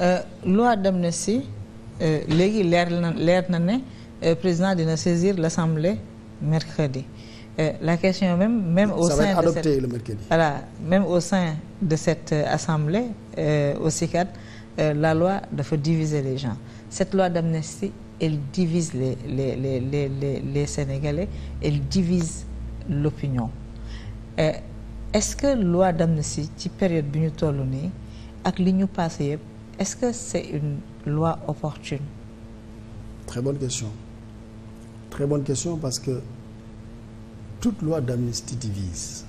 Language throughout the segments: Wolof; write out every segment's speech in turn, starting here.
Euh, loi d'amnistie euh, léegi leer na leer na ne euh, président dina saisir l'assemblée mercredi la question même même au sein de cette voilà même au sein de cette assemblée aussi CICAD la loi dafa diviser les gens cette loi d'amnistie elle divise les les les les les les Sénégalais elle divise l'opinion est-ce que loi d'amnistie ci période bi ñu toll nii ak li ñu passé yëpp est-ce que c'est une loi opportune Très bonne question. Très bonne question parce que toute loi d'amnistie divise.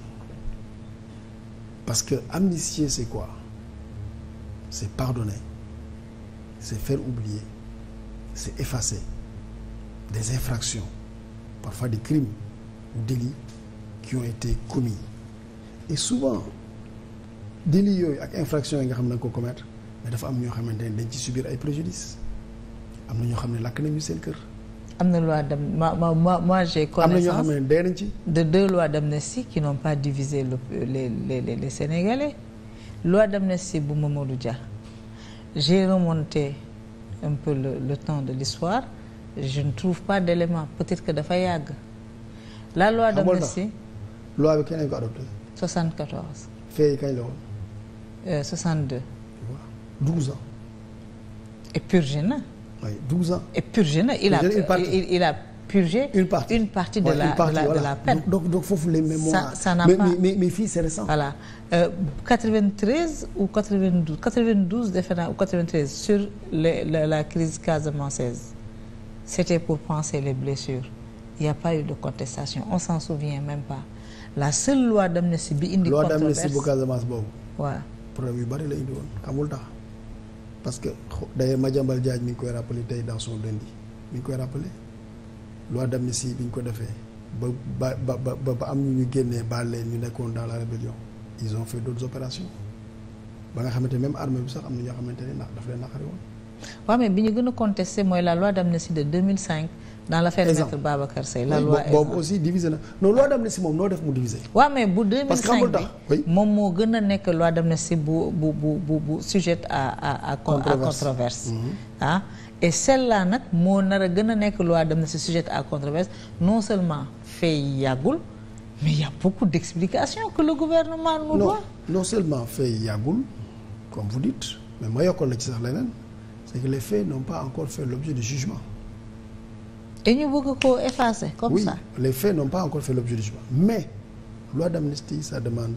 Parce que amnistier, c'est quoi C'est pardonner, c'est faire oublier, c'est effacer des infractions, parfois des crimes ou délits qui ont été commis. Et souvent, délits yooyu ak infractions yi nga xam ne da mais dafa am ñoo xamante ne dañ ci subir ay préjudice am na ñoo xam ne lakk nañu seen kër. am na loi d'am ma ma ma moi j'ai connaissance am na ñoo xam ne dee nañ de deux lois d'amnistie qui n'ont pas divisé le les les les, les Sénégalais loi d'amnistie bu Mamadou Dia j'ai remonté un peu le le temps de l'histoire je ne trouve pas d'éléments peut-être que dafa yàgg. la de d'amnistie loi bi kañ lañ ko adopté. 74. fee kañ la woon. 62. Euh, 12 ans. Et purgé na. Oui, 12 ans. Et purgé na, il a il, il a purgé une partie, une de la partie, de la voilà. de la peine. Donc donc foofu les mémoires. Ça, ça n'a mais, pas... mais mais mais fii c'est récent. Voilà. Euh, 93 ou 92 92 defe naa ou 93 sur les, la la crise casamançaise. C'était pour panser les blessures. Il n'y a pas eu de contestation, on s'en souvient même pas. La seule loi d'amnistie bi indi controverse. Loi d'amnistie bu Casamance boobu. Voilà. parce que d'ailleurs Madiambal Diagne mi ngi koy rappelé tey dans son lundi mi ngi koy dem ne d'amnistie bi ñu ko defee ba ba ba ba am ñu ñu génnee baal leen ñu nekkoon dans la rébellion ils ont fait d'autres opérations ba nga xamante même armée bi sax am na ñoo xamante ne ndax daf leen naqari woon. waaw mais bi ñu gën a contesté mooy la loi d'amnistie de dans l'affaire maître Babacar Seye la loi boobu aussi divisé na non loi d'amnistie moom noo def mu divisé. waaw mais bu 2005 bi moom moo gën a nekk loi d'amnistie bu bu bu bu bu sujette à à à controverse mhm. ah et nag moo nar gën a nekk loi d'amnistie sujette à controverse non seulement fay yàggul mais y a beaucoup d'explications que le gouvernement nous doit. non seulement fay yàggul comme vous dites mais ma yokkoon na ci sax leneen c'est que les faits n'ont pas encore fait l'objet de jugement dañu bëgg koo effacer comme oui, ça les faits n'ont pas encore fait l'objet du jugement mais loi demande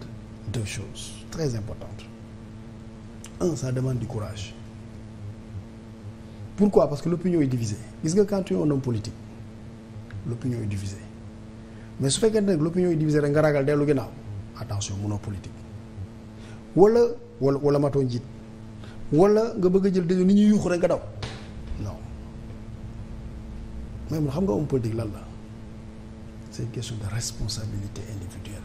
deux choses très importantes ça demande du courage pourquoi parce que l'opinion est divisée gis nga quand tu es un homme politique mais su fekkee nag l'opinion est divisée rek nga ragal dellu ginnaaw attention mënoo politique wala wala wala matoo njiit wala nga bëgg a jël décision ni ñuy yuux rek nga daw mais mun xam nga homme politique lan la c'est une question de responsabilité individuelle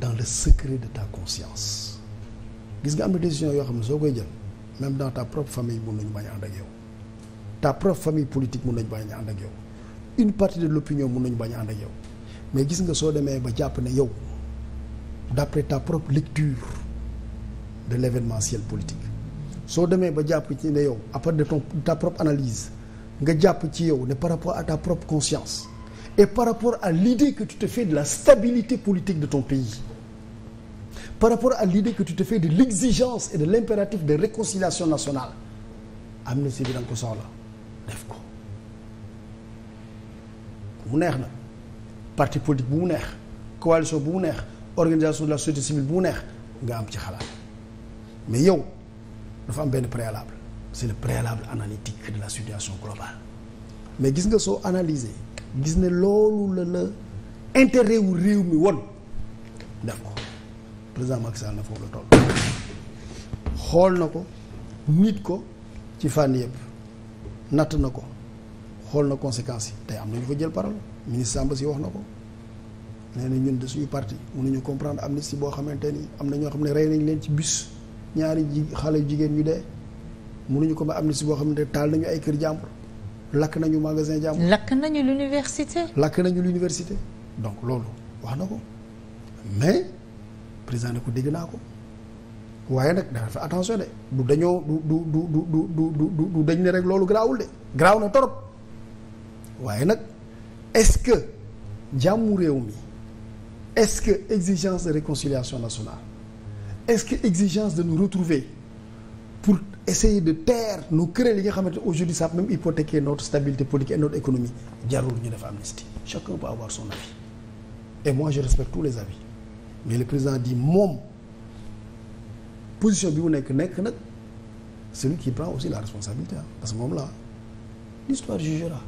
dans le secret de ta conscience gis nga am na décision yoo xam ne soo koy jël même dans ta propre famille mun nañu bañ a ànd ak yow ta propre famille politique mun nañu bañ a ànd ak yow une partie de l'opinion mun nañu bañ a ànd ak yow mais gis nga soo demee ba jàpp ne yow d'après ta propre lecture de l'événementiel politique soo demee ba jàpp ci ne yow à partir de ton ta propre nga jàpp ci yow ne par rapport à ta propre conscience et par rapport à l'idée que tu te fais de la stabilité politique de ton pays par rapport à l'idée que tu te fais de l'exigence et de l'impératif de réconciliation nationale amnistie bi da nga ko soxla def ko mu neex na parti politique bu mu neex coalition bu mu neex organisation de la société civile bu mu neex nga am ci xalaat mais yow dafa am benn préalable c'est le préalable analytique de la situation globale mais gis nga soo analyser gis ne loolu la la intérêt wu réew mi won def ko président Macky na foofu la toll xool na ko nit ko ci fànn yëpp natt na ko xool na conséquences yi tey am na ñu fa jël parole ministre Samba si wax na ko nee na ñun de suñu parti mënuñu comprendre si boo xamante ni am na ñoo xam ne rey nañ leen ci bus ñaari ji xale jigéen ñu dee munuñu ko ma am ba amnistie boo xam ne taal nañu ay kër jàmbur lakk nañu magasin jàmbur. lakk nañu l'université. lakk nañu l'université donc loolu wax na ko mais président ne ko dégg naa ko waaye nag dafa attention de du dañoo du du du du du du dañ ne rek loolu garaawul de garaaw na torop waaye nag est-ce que jàmmu réew mi est-ce que exigence de réconciliation nationale est-ce que exigence de nous retrouver pour essayer de taire nous créer li nga xamante ne aujourd'hui ça peut même hypothéquer notre stabilité politique et notre économie jarul ñu def amnistie chacun peut avoir son avis et moi je respecte tous les avis mais le président dit moom position bi mu nekk nekk nag celui qui prend aussi la responsabilité ah parce que moom la l'histoire jugera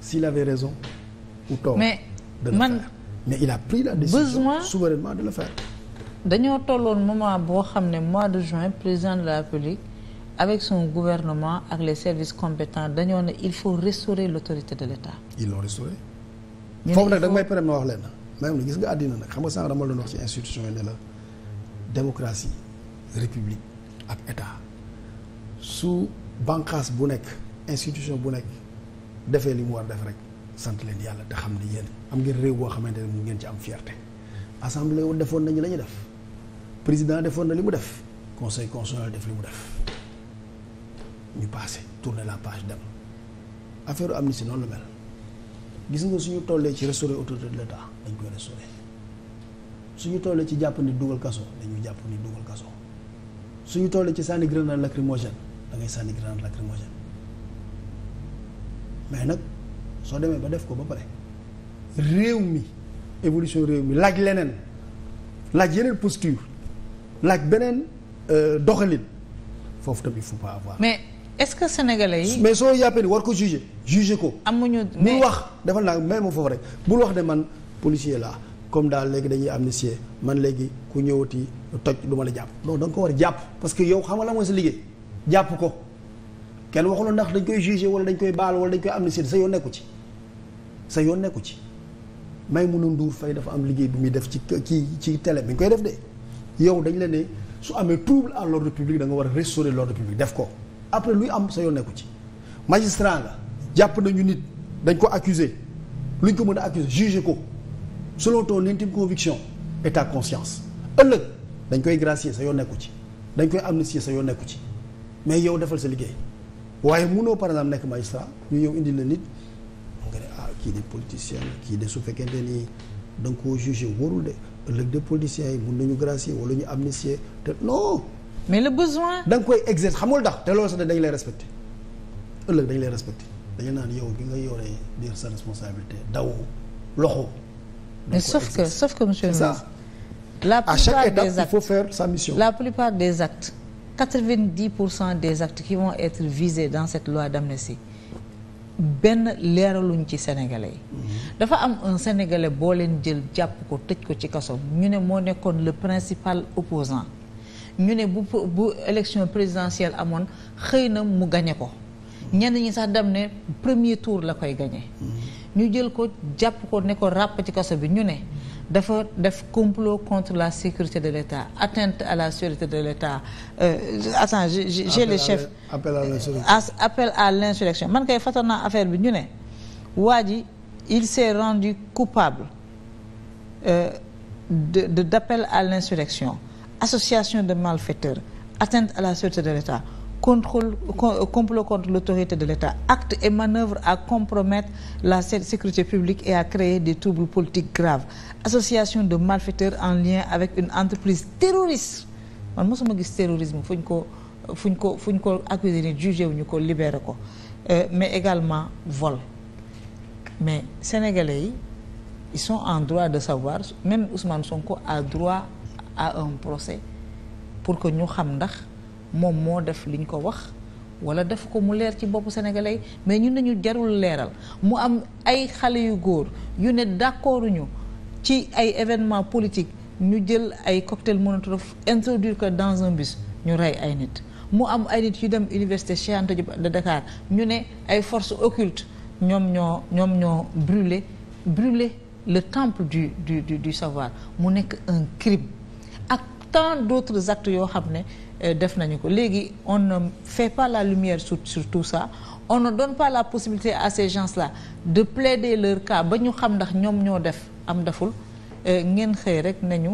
si avait raison ou tort. mais de man faire. mais il a pris la décision besoin... souverainement de le faire. dañoo tolloon moment boo xam ne mois de juin président de la République avec son gouvernement ak les services compétents dañoo ne il faut restaurer l'autorité de l'État. ils l'ont restauré. foofu nag da nga may permettre ma wax leen maanaam gis nga àddina nag xam nga sànq dama doon wax ci institution yi ne la démocratie république ak état su bànqaas bu nekk institution bu nekk defee li mu war def rek sant leen yàlla te xam ni yéen am ngeen réew boo xamante ne mu ngeen ci am fierté assemblée wu defoon nañu la ñu def. président defoon na li mu def conseil constitutionnel def li mu def ñu passé tourner la page dem affaire amnistie noonu la mel gis nga suñu tollee ci restaurer autorité de l'État dañ koy restaurer suñu tollee ci jàpp ni dugal kaso dañuy jàpp ni dugal kaso suñu tollee ci sànni grenade lacrymogène da ngay sànni grenade lacrymogène mais nag soo demee ba def ko ba pare réew mi évolution réew mi laaj leneen laaj yeneen posture laaj beneen euh, doxalin foofu tamit il faut pas mais est-ce que sénégalais yi. mais soo yàppee ni war ko juger juger ko. amuñu mais bul wax defal naa may ma foofu rek bul wax ne man policier laa comme daal léegi dañuy am amnistier man léegi ku ñëwati toj du ma la jàpp. loolu da ko war a jàpp parce que yow xam nga la mooy sa liggéey jàpp ko kenn waxuloon ndax dañ koy juger wala dañ koy baal wala dañ koy amnistier sa yoon nekku ci sa yoon nekku ci may mun a nduur fay dafa am liggéey bu muy def ci kii ci télé bi ñu def de. yow dañ la ne su amee trouble à l'ordre public danga war a restaurer l'ordre public def ko après luy am sa yoon nekku ci magistrat nga jàpp nañu nit dañ ko accuser luñ ko mën a accuser juger ko selon ton intime conviction et ta conscience ëllëg dañ koy gracier sa yoon nekku ci dañ koy amnistier sa yoon nekku ci mais yow defal sa liggéey waaye munoo par exemple nekk magistrat ñu yow indi la nit nga ne ah, kii de politicien kii de su fekkente ni da nga koo jugé wóorul ëllëg de policiers yi mun nañu gracier wala ñu amnistier te non. mais le besoin. da nga koy exercer xamul ndax te lool loolu sax dañ lay respecté ëllëg dañ lay respecté dañu naan yow bi nga yoree biir sa responsabilité daw loxo. mais sauf que sauf que monsieur le ministre. la plupart à chaque étape il faut des actes pour cent des actes qui vont être visés dans cette loi d'amnistie benn leeraluñ ci sénégalais yi. Mhm. dafa am un sénégalais boo leen jël jàpp ko tëj ko ci kaso ñu ne moo nekkoon le principal opposant ñu ne bu bu élection présidentielle amoon xëy na mu gañe ko. ñenn ñi sax dem ne premier tour la koy gañe mhm. ñu jël ko jàpp ko ne ko ràpp ci kaso bi ñu ne. dafa def complot contre la sécurité de l'État atteinte à la sécurité de l'État euh, attends j'ai le chef appel à l'insurrection euh, à l'insurrection man kay fatoon naa affaire bi ñu ne waa ji il s'est rendu coupable euh, de d'appel à l'insurrection association de malfaiteurs atteinte à la sûreté de l'État contrôle complot contre l'autorité de l'État acte et manœuvre à compromettre la sécurité publique et à créer des troubles politiques graves association de malfaiteurs en lien avec une entreprise terroriste man mosuma gis terrorisme fu ñu ko fu ñu ko fu ñu ko accusé ni jugé wuñu ko libéré ko euh, mais également vol mais sénégalais yi ils sont en droit de savoir même Ousmane ko a droit à un procès pour que ñu xam ndax moom moo def li liñ ko wax wala def ko mu leer ci boppu sénégalais mais ñun dañu jarul leeral mu am ay xale yu góor yu ne d'accorduñu ci ay événement politique ñu jël ay cocktail Molotov introduire que dans un bus ñu rey ay nit mu am ay nit yu dem université Cheikh Anta Diop Dakar ñu ne ay force occultes ñoom ñoo ñoom ñoo brûler brûler le temple du du du, du savoir mu nekk un crime ak tant d'autres actes yoo xam ne Euh, def nañu ko léegi on na fait pas la lumière sur sur ça on ne donne pas la possibilité à ces gens-là de plaider leur cas ba ñu xam ndax ñoom ñoo def am deful euh, ngeen xëy rek nañu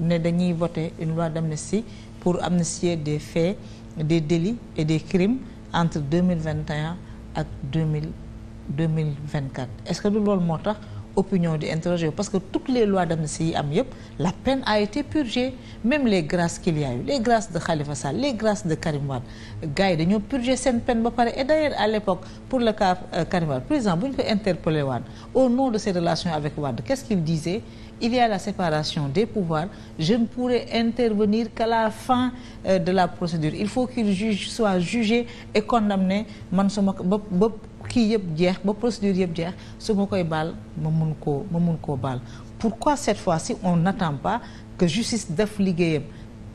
ne dañuy voter une loi d'amnistie pour amnistier des faits des délits et des crimes entre deux mille vingt et ak deux mille deux mille vingt-quatre est que du loolu moo tax. opinion di interroger parce que toutes les lois d'amnistie yi am yëpp la peine a été purgée même les grâces qu'il y a eu les grâces de Khalifa Sall les grâces de Karim Wade gars yi dañoo purger seen peine ba pare et d'ailleurs à l'époque pour le cas euh, Karim Wade bu ñu ko interpellé Wade au nom de ses relations avec Wade qu'est-ce qu'il disait il y a la séparation des pouvoirs je ne pourrai intervenir qu'à la fin euh, de la procédure il faut qu'il juge soit jugé et condamné man sama ba ba kii yëpp jeex ba procédure yëpp jeex su ma koy baal ma mun koo ma mun koo baal pourquoi cette fois-ci on n'attend pas que justice def liggéeyam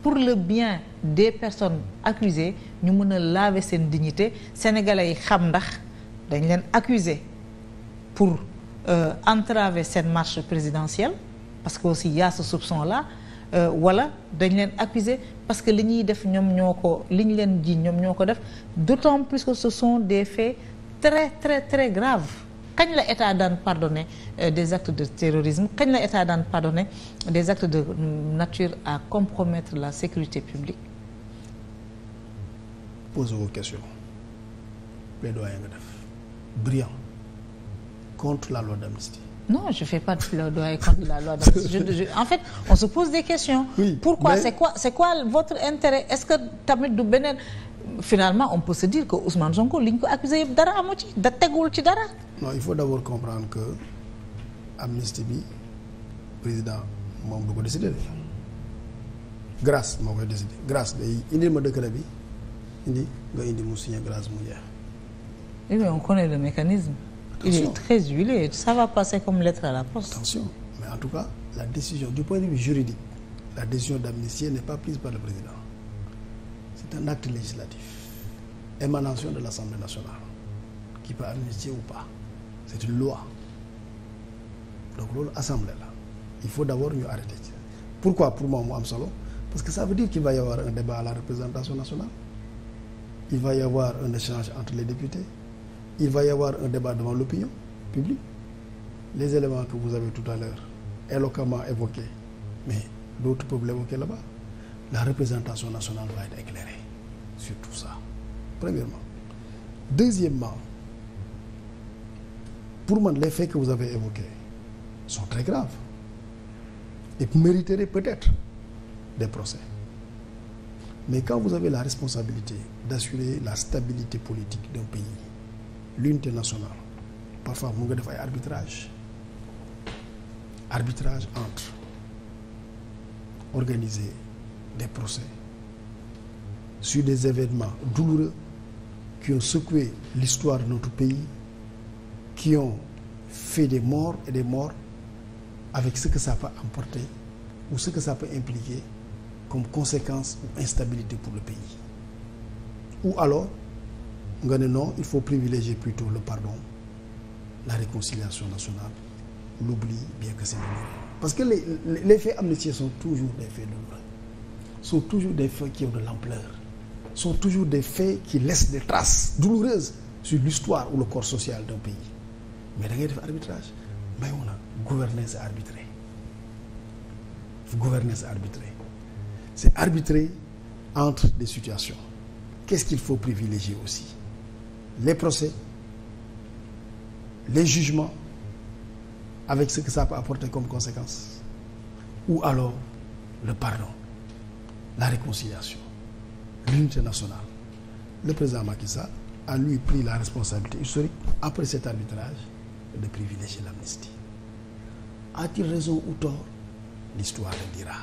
pour le bien des personnes accusées ñu mën a laver seen dignité sénégalais yi xam ndax dañ leen accuser pour euh, entraver seen marche présidentielle parce que aussi y a la soupçon euh, wala dañ leen accuser parce que li ñuy def ñoom ñoo ko li ñu leen ji ñoom ñoo ko def d'autant plus que ce sont des très très très grave kañ la état daan pardonner euh, des actes de terrorisme kañ la état daan pardonner des actes de nature à compromettre la sécurité publique pose vos questions brillant contre la loi d'amnistie non je fais pas de plaidoyer contre la loi d'amnistie en fait on se pose des questions pourquoi c'est quoi c'est quoi votre intérêt est-ce que tamit du beneen finalement on peut se dire que Ousmane Sonko li ñu ko accusé yëpp dara amu ci da tegul ci dara. non il faut d'abord comprendre que amnistie bi président moom du ko décider de grâce moo koy décider grâce day indil ma décret bi indi nga indi mu signé grâce mu jeex. Eh oui mais on connaît le mécanisme. Attention. il est très huilé ça va passer comme lettre la poste. attention mais en tout cas la décision du point de vue juridique la décision d'amnistier n'est pas prise par le président. d'un acte législatif, émanation de l'Assemblée nationale, qui pa amnistier ou pas. C'est une loi. Donc loolu assemblée la il faut d'abord ñu arrêter ci pourquoi pour moi mu am solo parce que ça veut dire qu'il va y avoir un débat à la représentation nationale il va y avoir un échange entre les députés il va y avoir un débat devant l'opinion publique les éléments que vous avez tout à l'heure éloquemment évoqués mais d'autres peuvent l'évoquer là-bas la représentation nationale va être éclairée sur ça premièrement deuxièmement pour man les fekk que vous avez évoqués sont très graves et mériteraient peut-être des procès mais quand vous avez la responsabilité d'assurer la stabilité politique d'un pays l'unité nationale parfois mu nga def ay arbitrage arbitrage entre organiser des procès sur des événements douloureux qui ont secoué l'histoire de notre pays, qui ont fait des morts et des morts avec ce que ça peut emporter ou ce que ça peut impliquer comme conséquence ou instabilité pour le pays. Ou alors, nga ne non, il faut privilégier plutôt le pardon, la réconciliation nationale, l'oubli, bien que c'est douloureux. Parce que les, les faits amnistiés sont toujours des faits douloureux. sont toujours des faits qui ont de toujours des faits qui laissent des traces douloureuses sur l'histoire ou le corps social d'un pays mais da ngay def arbitrage mayoon na gouvernance arbitrée gouvernance arbitrée c'est arbitrer entre des situations qu'est-ce qu'il faut privilégier aussi les procès les jugements avec ce que ça peut apporter comme conséquence ou alors le pardon la réconciliation l'unité nationale le président Macky Sall a lui pris la responsabilité historique après cet arbitrage de privilégier l'amnistie a-t-il raison ou tort l'histoire le dira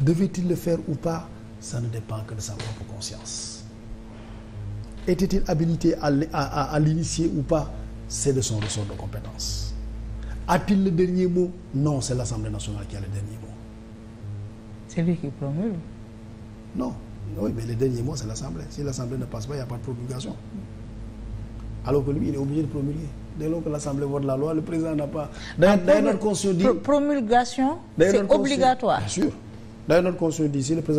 devait-il le faire ou pas ça ne dépend que de sa propre conscience était-il habilité à à, à, l'initier ou pas c'est de son ressort de compétence a-t-il le dernier mot non c'est l'Assemblée nationale qui a le dernier mot C'est lui qui promulgue. Non, oui, mais les derniers mots, c'est Si l'Assemblée ne passe pas, il a pas de promulgation. Alors que lui, il est obligé de promulguer. Dès lors que l'Assemblée vote la loi, le président n'a pas. D'ailleurs, ah, Bien sûr. D'ailleurs, le président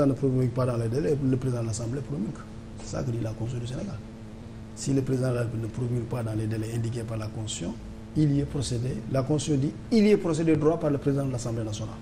ne promulgue de l'Assemblée promulgue. C'est ça que la Constitution du Sénégal. Si le président ne promulgue pas dans les délais indiqués par la Constitution, il y est La Constitution dit il y est procédé par le président de l'Assemblée nationale.